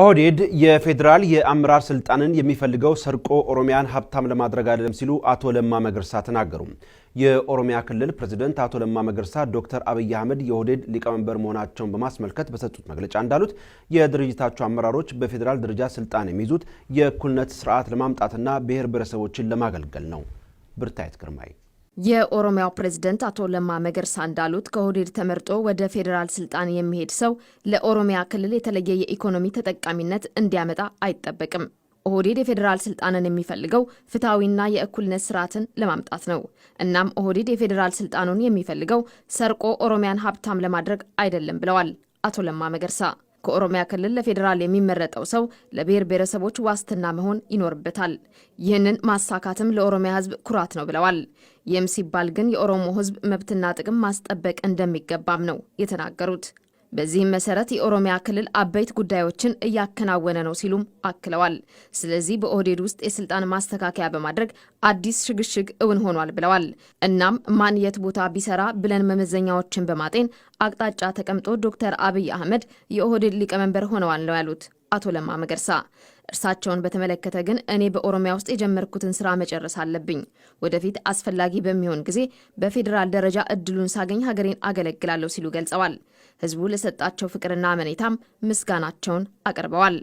ኦህዴድ የፌዴራል የአመራር ስልጣንን የሚፈልገው ሰርቆ ኦሮሚያን ሀብታም ለማድረግ አይደለም ሲሉ አቶ ለማ መገርሳ ተናገሩ። የኦሮሚያ ክልል ፕሬዚደንት አቶ ለማ መገርሳ ዶክተር አብይ አህመድ የኦህዴድ ሊቀመንበር መሆናቸውን በማስመልከት በሰጡት መግለጫ እንዳሉት የድርጅታቸው አመራሮች በፌዴራል ደረጃ ስልጣን የሚይዙት የእኩልነት ስርዓት ለማምጣትና ብሔር ብሔረሰቦችን ለማገልገል ነው። ብርታየት ግርማይ የኦሮሚያው ፕሬዝደንት አቶ ለማ መገርሳ እንዳሉት ከኦህዴድ ተመርጦ ወደ ፌዴራል ስልጣን የሚሄድ ሰው ለኦሮሚያ ክልል የተለየ የኢኮኖሚ ተጠቃሚነት እንዲያመጣ አይጠበቅም። ኦህዴድ የፌዴራል ስልጣንን የሚፈልገው ፍትሐዊና የእኩልነት ስርዓትን ለማምጣት ነው። እናም ኦህዴድ የፌዴራል ስልጣኑን የሚፈልገው ሰርቆ ኦሮሚያን ሀብታም ለማድረግ አይደለም ብለዋል አቶ ለማ መገርሳ። ከኦሮሚያ ክልል ለፌዴራል የሚመረጠው ሰው ለብሔር ብሔረሰቦች ዋስትና መሆን ይኖርበታል። ይህንን ማሳካትም ለኦሮሚያ ሕዝብ ኩራት ነው ብለዋል። ይህም ሲባል ግን የኦሮሞ ሕዝብ መብትና ጥቅም ማስጠበቅ እንደሚገባም ነው የተናገሩት። በዚህም መሰረት የኦሮሚያ ክልል አበይት ጉዳዮችን እያከናወነ ነው ሲሉም አክለዋል። ስለዚህ በኦህዴድ ውስጥ የስልጣን ማስተካከያ በማድረግ አዲስ ሽግሽግ እውን ሆኗል ብለዋል። እናም ማን የት ቦታ ቢሰራ ብለን መመዘኛዎችን በማጤን አቅጣጫ ተቀምጦ ዶክተር አብይ አህመድ የኦህዴድ ሊቀመንበር ሆነዋል ነው ያሉት አቶ ለማ መገርሳ እርሳቸውን በተመለከተ ግን እኔ በኦሮሚያ ውስጥ የጀመርኩትን ስራ መጨረስ አለብኝ። ወደፊት አስፈላጊ በሚሆን ጊዜ በፌዴራል ደረጃ እድሉን ሳገኝ ሀገሬን አገለግላለሁ ሲሉ ገልጸዋል። ህዝቡ ለሰጣቸው ፍቅርና አመኔታም ምስጋናቸውን አቅርበዋል።